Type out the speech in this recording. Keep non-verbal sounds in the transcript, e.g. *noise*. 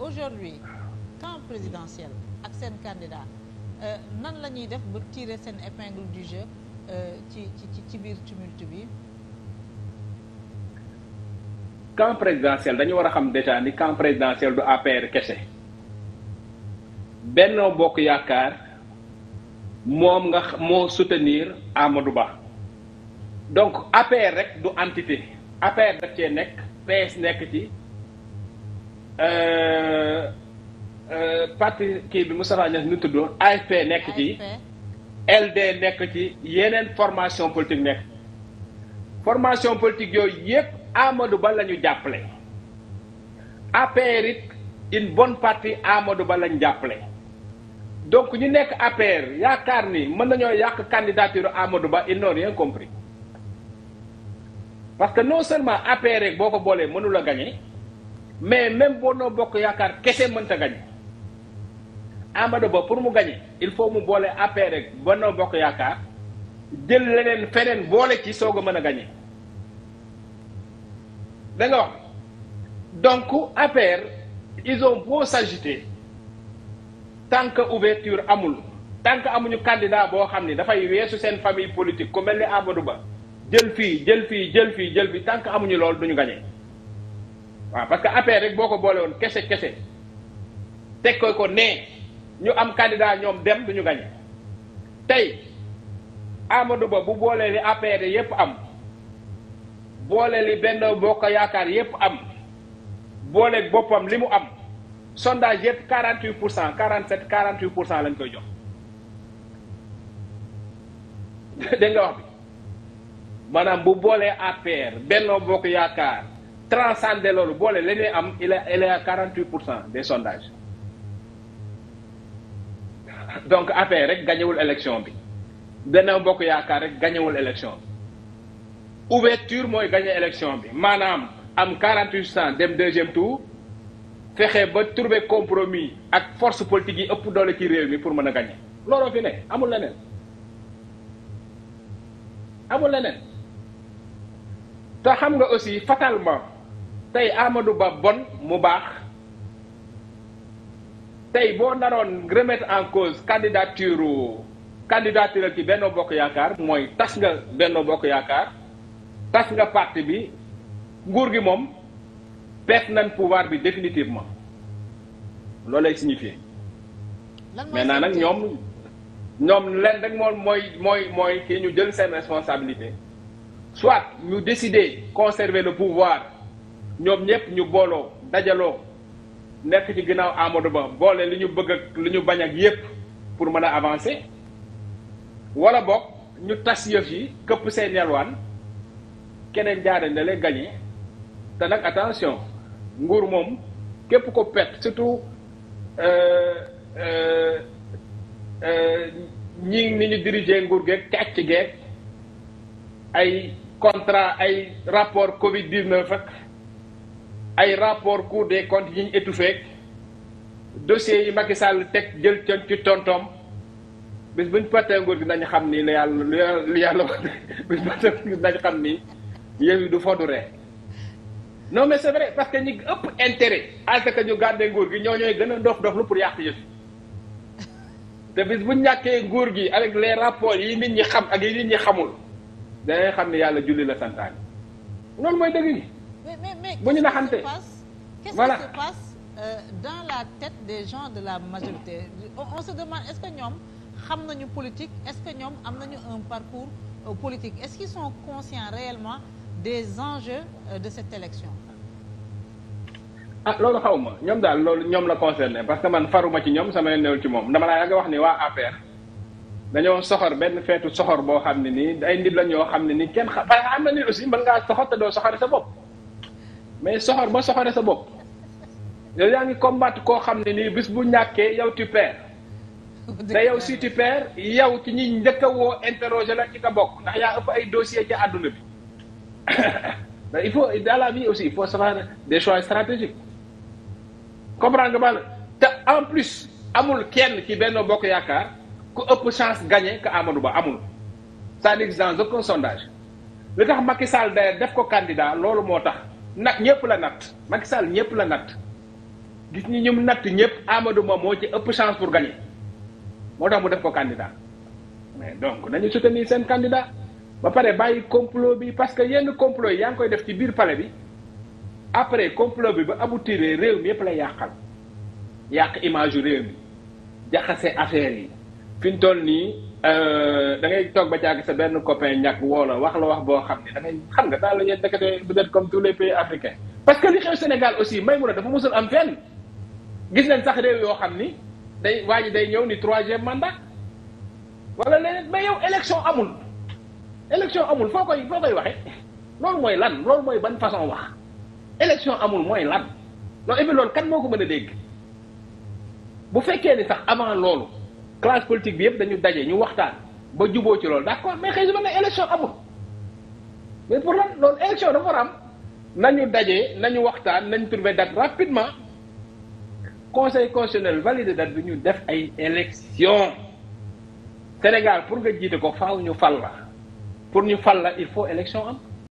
aujourd'hui camp présidentiel ak seen candidat euh, nan la ñuy def ba tirer seen épingle du jeu euh, ci ci ci biir tumulte bi. camp présidentiel dañu war a xam déjà ni camp présidentiel du APR kese Benno Bokk Yaakaar moom nga moo soutenir Amadou Ba donc APR rek du entité APR daf cee nekk PS nekk ci. Euh, euh, parti kii bi Moustapha Niasse nu tudd AFP nekk ci LD nekk ci yeneen formation politique nekk formation politique yooyu yëpp Amadou Ba la ñu jàppale APR it une bonne partie Amadou Ba la jàppale donc ñu nekk APR yaakaar ni mën nañoo yàq candidature Amadou Ba ils n'ont rien compris parce que non seulement APR rek boo ko boolee mënula a mais même Benno Bokk Yaakaar kese mënta gañ Amadou Ba pour mu gañe il faut mu boole APR rek Benno Bokk Yaakaar jël leneen feneen boole ci soog a mën a gañe da wax donc APR ils ont beau s'agiter tant que ouverture amul tant que amuñu candidat boo xam ni dafay weesu seen famille politique ku mel ni Amadou Ba jël fii jël fii jël fii jël fii tànk amuñu loolu duñu gañe waaw parce que APR rek boo ko boole woon kese kese teg koy ko ne ñu am candidat ñoom dem duñu gañe tey Amadou Ba bu boolee li APR yépp am boolee li benn bokk yaakaar yépp am boole boppam li mu am sondage yépp 48 pour cent quarante 47 48 pour cent lañ koy jox *laughs* dégg nga wax bi maanaam bu boolee APR Benno Bokk Yaakaar transcender loolu boole la ñuy am il est il est pour cent des sondages donc APR rek gañewul élection bi Benno Bokk Yaakaar rek gañewul élection bi ouverture mooy gañe élection bi maanaam am 48 pour cent dem deuxième tour fexe ba trouver compromis ak force politique yi ëpp doole ci réew mi pour mën a gañe looloo fi ne amul leneen amul leneen te xam nga aussi fatalement tey Amadou Ba bon mu baax tey boo naroon remettre en cause candidature candidature ci Benno Bokk Yaakaar mooy tas nga Benno Bokk Yaakaar tas nga parti bi nguur gi moom perte nañ pouvoir bi loolu définitivement loolay signifié naa nag ñoom ñoom leen rek moom mooy mooy mooy kii ñu jël seen responsabilité soit ñu décider conserver la pouvoir ñoom ñëpp ñu booloo dajaloo nekk ci ginnaaw Amadou Ba boole li ñu bëgg ak li ñu bañ ak yépp pour mën a avancé wala boog ñu tas yëf yi këpp seen yalwaan keneen jaare na leen gagné te nag attention nguur moom képp ko pet surtout euh, euh, euh, ñi ni ñu diriger nguur geeg càcc geeg ay contrat ay rapport Covid 19 ak. ay rapport cour des comptes yi ñu étouffé dossiers yi Macky Sall teg jël con ci tontoom bés buñ partee nguur gi dañu xam nii lu yàlla lu yàlla *laughs* buñ partee nguur gi dañu xam ni yëf yi du foddu ree non mais parce que ñi ëpp intérêt à ce que ñu garder nguur gi ñoo ñooy gën a dof dof lu pour yàq yëf te bis bu ñàkkee nguur gi avec les rapports yi nit ñi xam ak yi nit ñi xamul danañ xam ne yàlla julli la santaane loolu mooy dëgg gi mais mais mais bu ñu naxante voilà qu'est-ce qui se passe euh, dans la tête des gens de la majorité on, on se demande est-ce que ñoom xam nañu politique est-ce que ñoom am nañu un parcours euh, politique est-ce qu'ils sont conscients réellement des enjeux euh, de cette élection ah loolu xaw ma ñoom daal loolu ñoom la concerné parce que man faruma ci ñoom sama newul ci moom dama laa yàgg wax ni waa APR dañoo soxor benn feetu soxor boo xam ne nii ay nit la ñoo xam ne nii kenn xam parce que am na nit aussi mën ngaa soxor te doo soxori sa bopp mais soxor ba soxoree sa bopp yow yaa ngi combattre koo xam ni nii bis bu ñàkkee yow tu perds te yow si tu perds yow ci ñi njëkk woo interroger la ci nga bokk ndax yaa ëpp ay dossier ci àdduna bi *coughs* il faut dans la aussi il faut savoir des choix stratégiques comprendre nga ba la te en plus amul kenn ci Benno Bokk Yaakaar ku ëpp chance gagné que Amadou Ba amul ça n'existe dans aucun sondage li tax Macky Sall d'ailleurs def ko candidat loolu moo tax nat ñëpp la nat Macky Sall ñëpp la natt gis ñi ñum natt ñëpp Amadou Ba moo ci ëpp chance pour gagner moo tax mu def ko candidat mais donc nañu soutenir seen candidat ba pare bàyyi complot bi parce que yenn complot yi yaa ngi koy def ci biir pale bi après complot bi ba aboutir réew mi yëpp lay yàqal yàq image yu réew mi jaxase affaire yi fi mu toll nii. Euh, da ngay toog ba jàgg sa benn copain ñàkk woo la wax la wax boo xam ne da ngay xam nga daal la ñuy dëkkate bu être comme tous les pays africains. parce que li xew Sénégal aussi may mu ne dafa mosul am fenn gis nañ sax réew yoo xam ni day waa ji day ñëw ni troisième mandat wala leneen mais yow élection amul élection amul foo koy foo koy waxee loolu mooy lan loolu mooy ban façon wax élection amul mooy lan loolu et puis loolu kan moo ko mën a dégg bu fekkee ni sax avant loolu. classe politique bi yëpp dañu daje ñu waxtaan ba juboo ci loolu d'accord mais xëy suba ne élection amul mais pour lool loolu élection dafa war am ñu daje na ñu waxtaan nañ trouver date rapidement conseil constitutionnel valide date bi ñu def ay élection Sénégal pour nga jiite ko faw ñu fal la pour ñu fal la il faut élection am